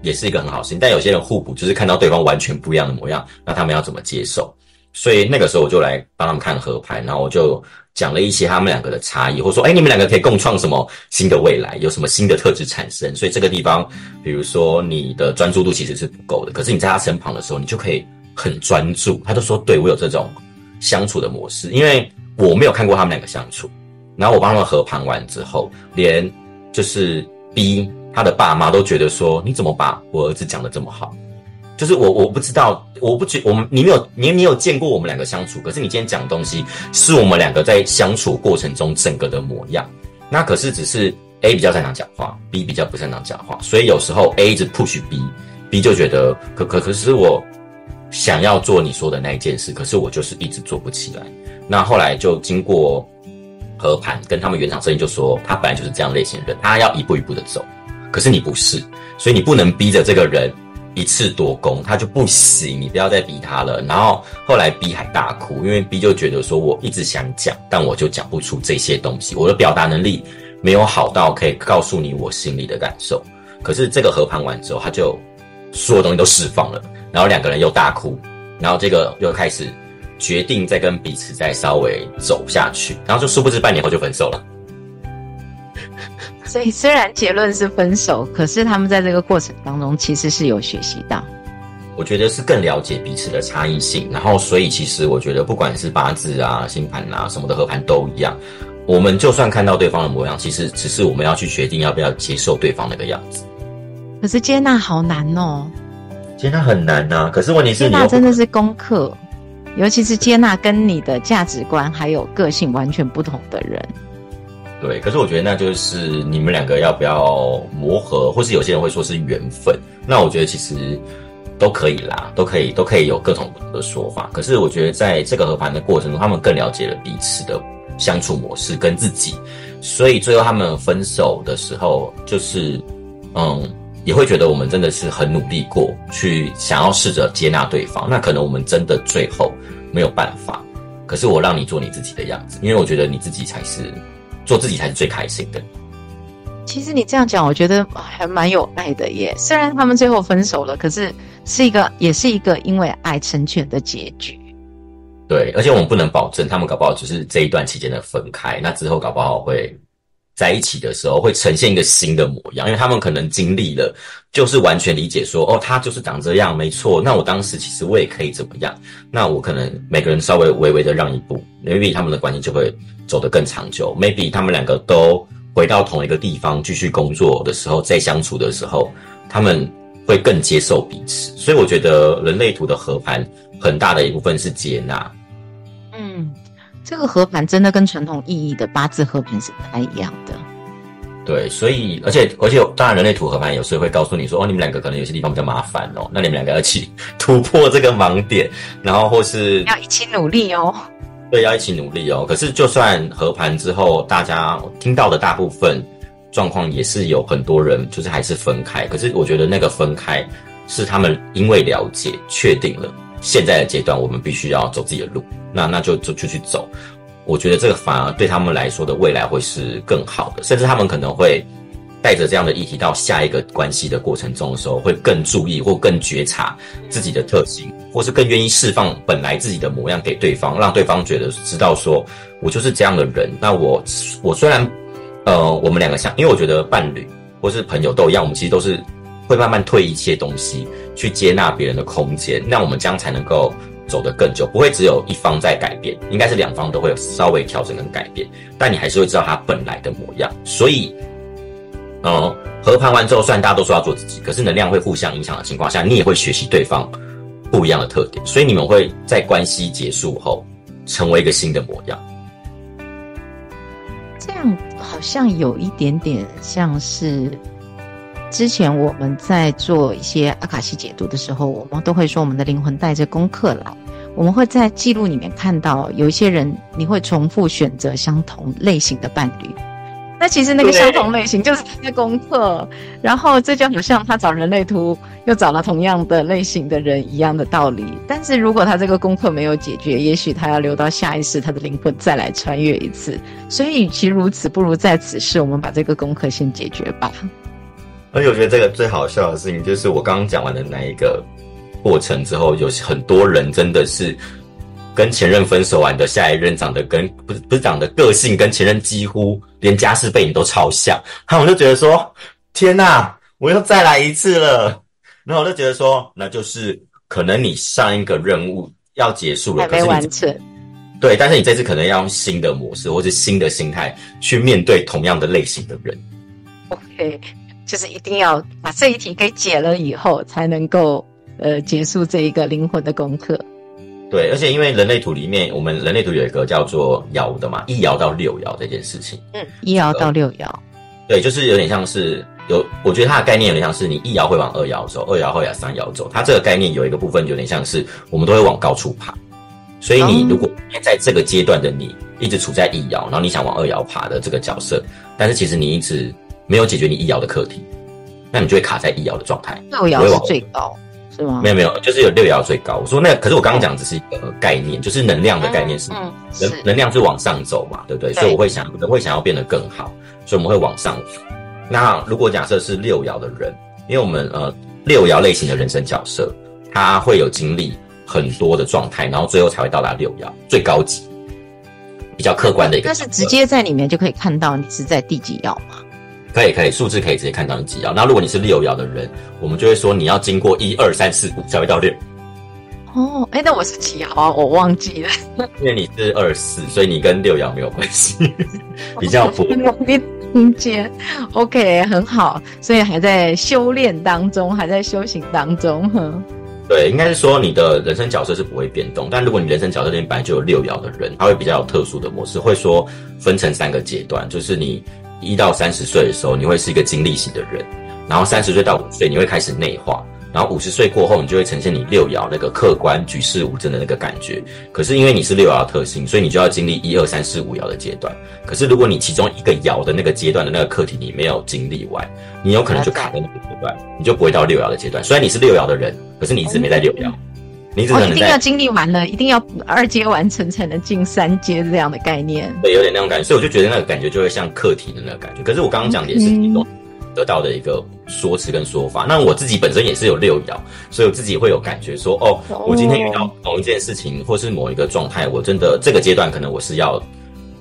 也是一個很好事情，但有些人互補就是看到對方完全不一樣的模樣，那他們要怎麼接受？所以那個時候我就來幫他們看合盤，然後我就講了一些他們兩個的差異，或說誒、欸，你們兩個可以共創什麼新的未來，有什麼新的特質產生？所以這個地方，比如說你的專注度其實是不夠的，可是你在他身旁的時候，你就可以很專注。他就說：“對我有這種相處的模式，因為我沒有看過他們兩個相處。”然後我幫他們合盤完之後，連就是 B 他的爸媽都覺得說：“你怎麼把我兒子講得這麼好？”就是我我不知道，我不覺我們，你沒有你沒有見過我們兩個相處，可是你今天講的東西是我們兩個在相處過程中整個的模樣。那可是只是 A 比較擅長講話，B 比較不擅長講話，所以有時候 A 一直 push B，B 就覺得可可可是我想要做你說的那一件事，可是我就是一直做不起來。那後來就經過。和盤跟他們原廠聲音就說，他本來就是這樣類型的人，他要一步一步的走，可是你不是，所以你不能逼着這個人一次多功，他就不行，你不要再逼他了。然後後來 B 還大哭，因為 B 就覺得說，我一直想講，但我就講不出這些東西，我的表達能力沒有好到可以告訴你我心裡的感受。可是這個合盤完之後，他就所有東西都釋放了，然後兩個人又大哭，然後這個又開始。決定再跟彼此再稍微走下去，然後就殊不知半年後就分手了。所以雖然結論是分手，可是他們在這個過程當中其實是有學習到。我覺得是更了解彼此的差異性，然後所以其實我覺得不管是八字啊、星盤啊什麼的合盤都一樣。我們就算看到對方的模樣，其實只是我們要去決定要不要接受對方那個樣子。可是接納好難哦。接納很難吶、啊，可是問題是你，接納真的是功課。尤其是接納跟你的價值觀還有個性完全不同的人，對。可是我覺得那就是你們兩個要不要磨合，或是有些人會說是緣分。那我覺得其實都可以啦，都可以，都可以有各種的說法。可是我覺得在這個磨合的過程中，他們更了解了彼此的相處模式跟自己，所以最後他們分手的時候，就是嗯。也會覺得我們真的是很努力過去，想要試着接納對方。那可能我們真的最後沒有辦法。可是我讓你做你自己的樣子，因為我覺得你自己才是做自己才是最開心的。其實你這樣講，我覺得還蠻有愛的耶。雖然他們最後分手了，可是是一個也是一個因為愛成全的結局。對，而且我們不能保證他們搞不好只是這一段期間的分開，那之後搞不好會。在一起的時候會呈現一個新的模樣，因為他們可能經歷了，就是完全理解說，哦，他就是長這樣，沒錯。那我當時其實我也可以怎麼樣？那我可能每個人稍微微微的讓一步，maybe 他們的關係就會走得更長久。maybe 他們兩個都回到同一個地方繼續工作的時候，再相處的時候，他們會更接受彼此。所以我覺得人類圖的合盤很大的一部分是接納，嗯。這個合盤真的跟傳統意義的八字合盤是不太一樣的。對，所以而且而且，而且我當然人類圖合盤有時候會告訴你說：“哦，你們兩個可能有些地方比較麻煩哦，那你們兩個一起突破這個盲點，然後或是要一起努力哦。”對，要一起努力哦。可是就算合盤之後，大家聽到的大部分狀況也是有很多人就是還是分開。可是我覺得那個分開是他們因為了解確定了。現在的階段，我們必須要走自己的路，那那就就就去走。我覺得這個反而對他們來說的未來會是更好的，甚至他們可能會帶着這樣的議題到下一個關係的過程中的時候，會更注意或更覺察自己的特性，或是更願意釋放本來自己的模樣給對方，讓對方覺得知道說我就是這樣的人。那我我雖然呃，我們兩個像，因為我覺得伴侶或是朋友都一樣，我們其實都是。會慢慢退一些東西，去接納別人的空間，那我們這樣才能夠走得更久，不會只有一方在改變，應該是兩方都會有稍微調整跟改變，但你還是會知道他本來的模樣。所以，嗯，合盤完之後，雖然大家都說要做自己，可是能量會互相影響的情況下，你也會學習對方不一樣的特點，所以你們會在關係結束後成為一個新的模樣。這樣好像有一點點像是。之前我們在做一些阿卡西解讀的時候，我們都會說我們的靈魂帶着功課來。我們會在記錄裡面看到，有一些人你會重複選擇相同類型的伴侶。那其實那個相同類型就是他的功課。對然後這就好像他找人類圖又找了同樣的類型的人一樣的道理。但是如果他這個功課沒有解決，也許他要留到下一世，他的靈魂再來穿越一次。所以，與其如此，不如在此世，我們把這個功課先解決吧。所以我覺得這個最好笑的事情，就是我剛剛講完的那一個過程之後，有很多人真的是跟前任分手完的下一任，長得跟不，不是長得個性跟前任幾乎連家世背景都超像。那我就覺得說，天哪、啊，我又再來一次了。然後我就覺得說，那就是可能你上一個任務要結束了，還沒完成。對，但是你這次可能要用新的模式或者新的心態去面對同樣的類型的人。OK。就是一定要把這一題給解了以後，才能夠呃結束這一個靈魂的功課。對，而且因為人類圖裡面，我們人類圖有一個叫做爻的嘛，一爻到六爻這件事情。嗯，呃，一爻到六爻。對，就是有點像是有，我覺得它的概念有點像是你一爻會往二爻走，二爻會往三爻走。它這個概念有一個部分有點像是我們都會往高處爬，所以你如果你在這個階段的你一直處在一爻，然後你想往二爻爬的這個角色，但是其實你一直。沒有解決你一爻的課題，那你就會卡在一爻的狀態。六爻是最高，是嗎？沒有沒有，就是有六爻最高。我說那，可是我剛剛講只是一個概念，就是能量的概念是，、嗯嗯、是能能量是往上走嘛，對不對？對所以我會想，我會想要變得更好，所以我們會往上走。那如果假設是六爻的人，因為我們呃六爻類型的人生角色，他會有經歷很多的狀態，然後最後才會到達六爻最高級，比較客觀的一個。但是直接在裡面就可以看到你是在第幾爻嘛。可以，可以，數字可以直接看到你幾爻。那如果你是六爻的人，我們就會說你要經過 1, 2, 3, 4, 5, 一二三四，才會到六。哦，哎、欸，那我是幾爻啊，我忘記了。因為你是二四，所以你跟六爻沒有關係，比較普通。中間 okay, OK，很好，所以還在修煉當中，還在修行當中。對，應該是說你的人生角色是不會變動。但如果你人生角色裡面本來就有六爻的人，他會比較有特殊的模式，會說分成三個階段，就是你。一到三十歲的時候，你會是一個經歷型的人，然後三十歲到五十歲，你會開始內化，然後五十歲過後，你就會呈現你六爻那個客觀舉世無爭的那個感覺。可是因為你是六爻特性，所以你就要經歷一二三四五爻的階段。可是如果你其中一個爻的那個階段的那個課題你沒有經歷完，你有可能就卡在那個階段，你就不會到六爻的階段。雖然你是六爻的人，可是你一直沒在六爻。你、哦、一定要經歷完了，一定要二階完成才能進三階這樣的概念，對，有點那種感覺，所以我就覺得那個感覺就會像課題的那個感覺。可是我剛剛講的也是你得到的一個說辭跟說法，Okay. 那我自己本身也是有六爻，所以我自己會有感覺說，哦，我今天遇到某一件事情，oh. 或是某一個狀態，我真的這個階段可能我是要。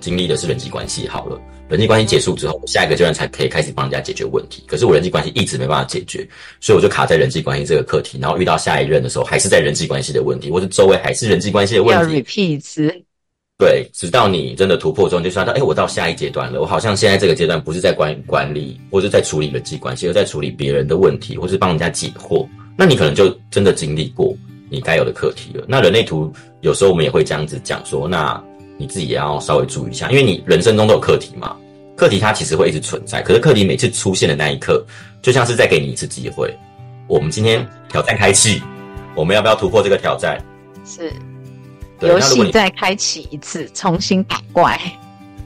經歷的是人際關係好了，人際關係結束之後，下一個階段才可以開始幫人家解決問題。可是我人際關係一直沒辦法解決，所以我就卡在人際關係這個課題。然後遇到下一任的時候，還是在人際關係的問題，或是周圍還是人際關係的問題。對，直到你真的突破之後，就想到，誒，我到下一階段了。我好像現在這個階段不是在管管理，或是，在處理人際關係，而在處理別人的問題，或是幫人家解惑。那你可能就真的經歷過你該有的課題了。那人類圖有時候我們也會這樣子講說，那。你自己也要稍微注意一下，因為你人生中都有課題嘛，課題它其實會一直存在。可是課題每次出現的那一刻，就像是在給你一次機會。我們今天挑戰開啟，我們要不要突破這個挑戰？是，遊戲再開啟一次，重新打怪。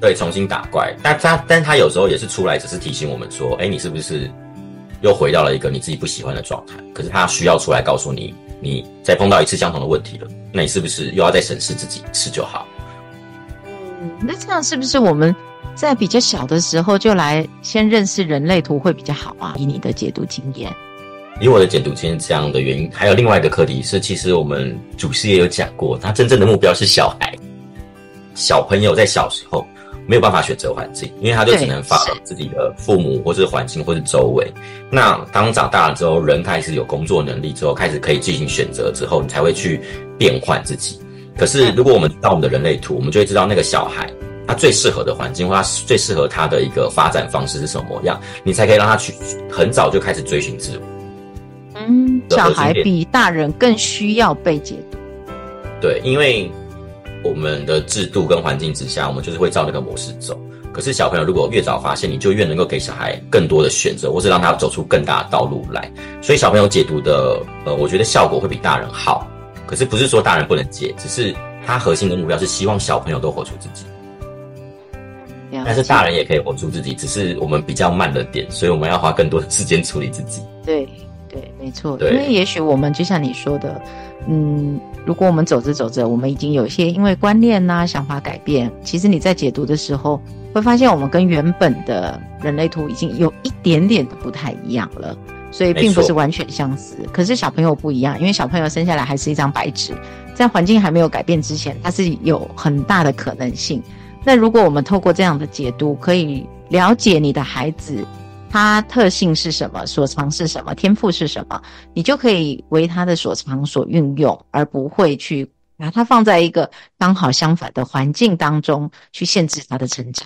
對，重新打怪，但，但他，但他有時候也是出來，只是提醒我們說，哎、欸，你是不是又回到了一個你自己不喜歡的狀態？可是他需要出來告訴你，你再碰到一次相同的問題了，那你是不是又要再審視自己一次就好？那這樣是不是我們在比較小的時候就來先認識人類圖會比較好啊？以你的解讀經驗，以我的解讀經驗，這樣的原因還有另外一個課題是，其實我們祖師爺也有講過，他真正的目標是小孩、小朋友在小時候沒有辦法選擇環境，因為他就只能發自己的父母是或是環境或是周圍。那當長大了之後，人開始有工作能力之後，開始可以進行選擇之後，你才會去變換自己。可是，如果我們知道我們的人類圖，我們就會知道那個小孩他最適合的環境，或他最適合他的一個發展方式是什麼樣，你才可以讓他去很早就開始追尋自我。嗯，小孩比大人更需要被解讀。對，因為我們的制度跟環境之下，我們就是會照那個模式走。可是小朋友如果越早發現，你就越能夠給小孩更多的選擇，或是讓他走出更大的道路來。所以小朋友解讀的，呃，我覺得效果會比大人好。可是不是說大人不能接，只是他核心的目標是希望小朋友都活出自己。了解。但是大人也可以活出自己，只是我們比較慢的點，所以我們要花更多的時間處理自己。對對，沒錯。對。因為也許我們就像你說的，嗯，如果我們走着走着，我們已經有一些因為觀念吶、啊、想法改變，其實你在解讀的時候會發現，我們跟原本的人類圖已經有一點點的不太一樣了。所以並不是完全相似，沒錯，可是小朋友不一樣，因為小朋友生下來還是一張白紙，在環境還沒有改變之前，他是有很大的可能性。那如果我們透過這樣的解讀，可以了解你的孩子，他特性是什麼，所長是什麼，天賦是什麼，你就可以為他的所長所運用，而不會去把他放在一個剛好相反的環境當中去限制他的成長。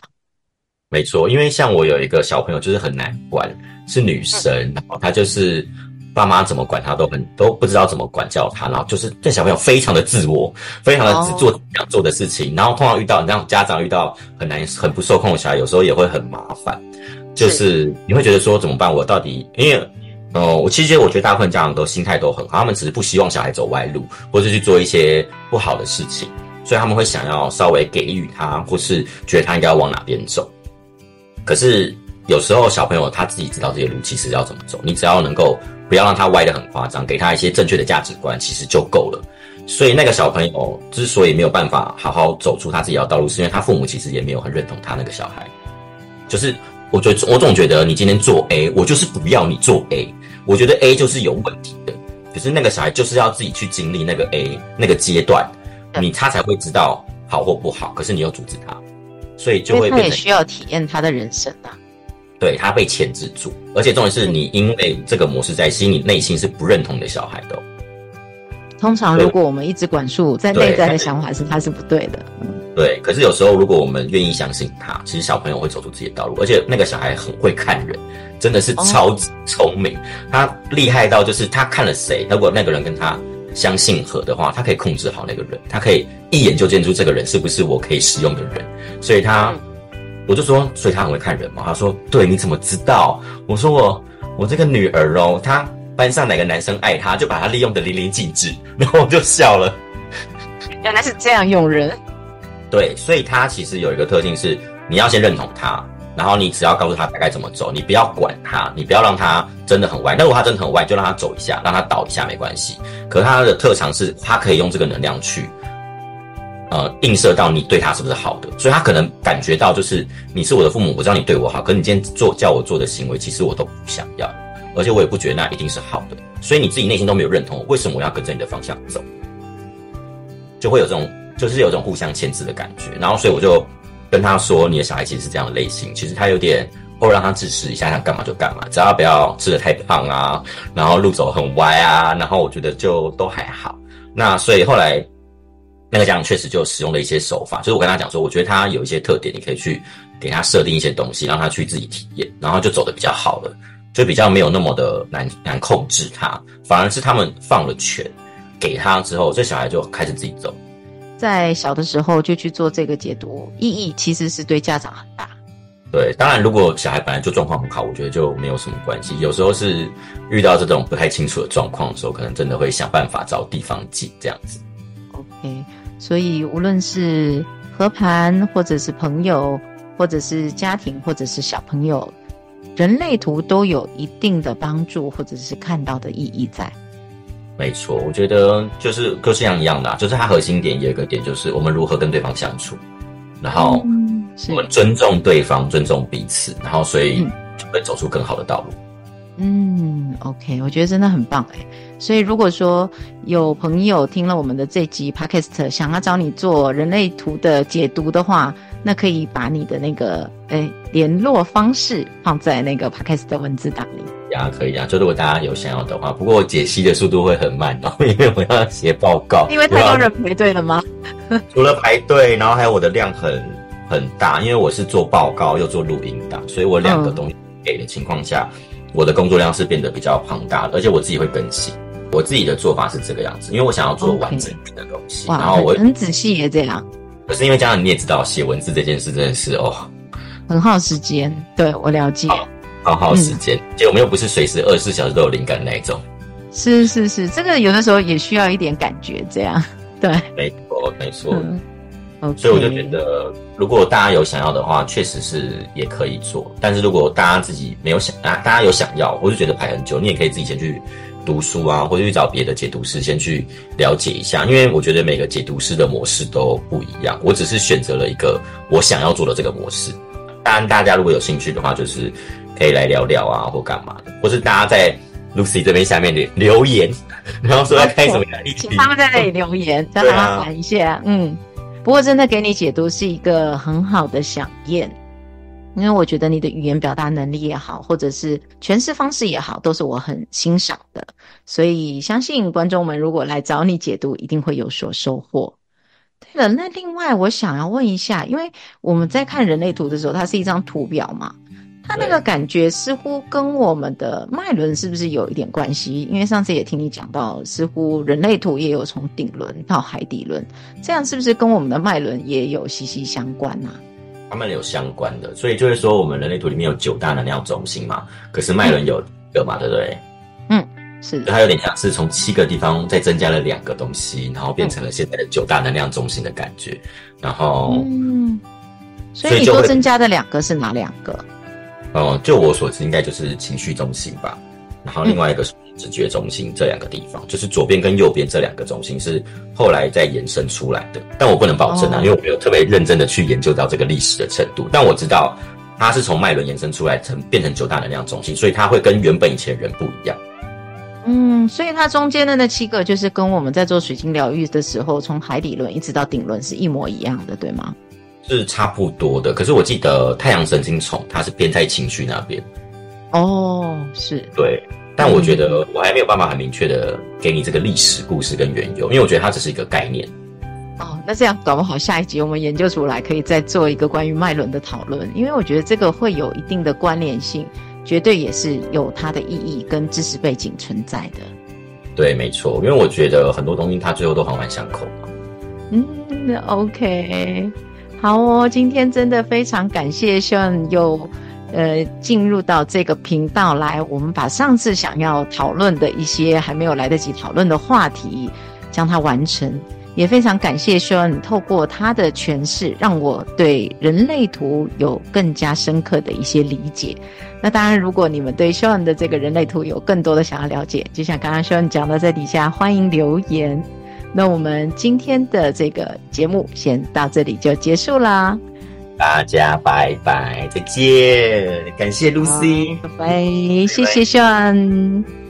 沒錯，因為像我有一個小朋友就是很難管。是女神，嗯、然後她就是爸媽怎麼管她都很都不知道怎麼管教她，然後就是這小朋友非常的自我，非常的只做、哦、想做的事情，然後通常遇到你讓家長遇到很難很不受控的小孩，有時候也會很麻煩，就是，是你會覺得說怎麼辦？我到底因為呃，我其實我覺得大部分家長都心態都很好，他們只是不希望小孩走歪路，或是去做一些不好的事情，所以他們會想要稍微給予他，或是覺得他應該往哪邊走，可是，有時候小朋友他自己知道這些路其實要怎麼走，你只要能夠不要讓他歪得很誇張，給他一些正確的價值觀，其實就夠了。所以那個小朋友之所以沒有辦法好好走出他自己的道路，是因為他父母其實也沒有很認同他那個小孩。就是我覺得我總覺得你今天做 A，我就是不要你做 A，我覺得 A 就是有問題的。可是那個小孩就是要自己去經歷那個 A 那個階段，你他才會知道好或不好。可是你又阻止他，所以就會變成你也需要體驗他的人生啊。對，他被牽制住，而且重點是你因為這個模式在吸引內心是不認同的小孩的、哦。通常，如果我們一直管束，在內在的想法是他是不對的。對，對，嗯、對，可是有時候如果我們願意相信他，其實小朋友會走出自己的道路。而且那個小孩很會看人，真的是超級、哦、聰明。他厲害到就是他看了誰，如果那個人跟他相性合的話，他可以控制好那個人。他可以一眼就見出這個人是不是我可以使用的人。所以，他。嗯我就說，所以他很會看人嘛。他說：“對，你怎麼知道？”我說我：“我我這個女兒哦，她班上哪個男生愛她，就把她利用得淋漓盡致。”然後我就笑了。原來是這樣用人。對，所以她其實有一個特性是，你要先認同她，然後你只要告訴她大概怎麼走，你不要管她，你不要讓她真的很歪。那如果她真的很歪，就讓她走一下，讓她倒一下沒關係。可她的特長是，她可以用這個能量去。呃、嗯，映射到你對他是不是好的，所以他可能感覺到就是你是我的父母，我知道你對我好，可是你今天做叫我做的行為，其實我都不想要，而且我也不覺得那一定是好的，所以你自己內心都沒有認同，為什麼我要跟着你的方向走，就會有這種就是有種互相牽制的感覺，然後所以我就跟他說，你的小孩其實是這樣的類型，其實他有點，偶爾讓他自私一下，想幹嘛就幹嘛，只要不要吃得太胖啊，然後路走很歪啊，然後我覺得就都還好，那所以後來。那個家長確實就使用了一些手法，就是我跟他講說，我覺得他有一些特點，你可以去給他設定一些東西，讓他去自己體驗，然後就走得比較好了，就比較沒有那麼的難難控制他，反而是他們放了權給他之後，這小孩就開始自己走。在小的時候就去做這個解讀，意義其實是對家長很大。對，當然如果小孩本來就狀況很好，我覺得就沒有什麼關係。有時候是遇到這種不太清楚的狀況的時候，可能真的會想辦法找地方擠這樣子。OK。所以，無論是合盤，或者是朋友，或者是家庭，或者是小朋友，人類圖都有一定的幫助，或者是看到的意義在。沒錯，我覺得就是各式樣一樣的、啊，就是它核心點有一個點，就是我們如何跟對方相處，然後我們尊重對方，尊重彼此，然後所以就會走出更好的道路。嗯，OK，我覺得真的很棒哎、欸。所以，如果說有朋友聽了我們的這集 Podcast，想要找你做人類圖的解讀的話，那可以把你的那個誒聯絡方式放在那個 Podcast 的文字檔裡。呀、啊，可以呀、啊。就如果大家有想要的話，不過解析的速度會很慢，然後因為我要寫報告。因為太多人排隊了嗎？除了排隊，然後還有我的量很很大，因為我是做報告又做錄音的，所以我兩個東西給的情況下，嗯、我的工作量是變得比較龐大的，而且我自己會更新。我自己的做法是這個樣子，因為我想要做完整的東西。Okay. 然後我很仔細也這樣。可是因為加上你也知道，寫文字這件事真的是哦，很耗時間。對我了解，哦、好耗時間，結果、嗯、我們又不是隨時二十四小時都有靈感那一種。是是是，這個有的時候也需要一點感覺，這樣對。沒錯沒錯，嗯、所以我就覺得，Okay. 如果大家有想要的話，確實是也可以做。但是如果大家自己沒有想啊，大家有想要，我就覺得，排很久，你也可以自己先去讀書啊，或者去找別的解讀師先去了解一下，因為我覺得每個解讀師的模式都不一樣。我只是選擇了一個我想要做的這個模式。當然，大家如果有興趣的話，就是可以來聊聊啊，或幹嘛的，或是大家在 Lucy 這邊下面留言，然後說要開什麼，請他們在那裡留言，讓大家玩一下，啊。啊、嗯，不過真的給你解讀是一個很好的饗宴。因為我覺得你的語言表達能力也好，或者是詮釋方式也好，都是我很欣賞的。所以相信觀眾們如果來找你解讀，一定會有所收穫。對了，那另外我想要問一下，因為我們在看人類圖的時候，它是一張圖表嘛，它那個感覺似乎跟我們的脈輪是不是有一點關係？因為上次也聽你講到，似乎人類圖也有從頂輪到海底輪，這樣是不是跟我們的脈輪也有息息相關啊？他們有相關的，所以就是說，我們人類圖裡面有九大能量中心嘛，可是脈輪有一個嘛，嗯、對不對？嗯，是，它有點像是從七個地方再增加了兩個東西，然後變成了現在的九大能量中心的感覺。然後，嗯，所以你多增加的兩個是哪兩個？哦，就我所知，應該就是情緒中心吧，然後另外一個是。直覺中心這兩個地方，就是左邊跟右邊這兩個中心是後來再延伸出來的，但我不能保證啊，哦，因為我沒有特別認真的去研究到這個歷史的程度。但我知道它是從脈輪延伸出來成變成九大能量中心，所以它會跟原本以前人不一樣。嗯，所以它中間的那，那七個就是跟我們在做水晶療癒的時候，從海底輪一直到頂輪是一模一樣的，對嗎？是差不多的。可是我記得太陽神經叢它是偏在情緒那邊。哦，是對。但我覺得我還沒有辦法很明確的給你這個歷史故事跟緣由，因為我覺得它只是一個概念。哦，那這樣搞不好下一集我們研究出來，可以再做一個關於脈輪的討論，因為我覺得這個會有一定的關聯性，絕對也是有它的意義跟知識背景存在的。對，沒錯，因為我覺得很多東西它最後都環環相扣，嗯，嗯，那 OK，好哦，今天真的非常感謝，希望有。呃，進入到這個頻道來，我們把上次想要討論的一些還沒有來得及討論的話題，將它完成。也非常感謝 Sunan 透過他的詮釋，讓我對人類圖有更加深刻的一些理解。那當然，如果你們對 Sunan 的這個人類圖有更多的想要了解，就像剛剛 Sunan 講的，在底下歡迎留言。那我們今天的這個節目先到這裡就結束啦。大家拜拜，再見！感謝露西，拜拜，拜拜，謝謝 Sunan。拜拜。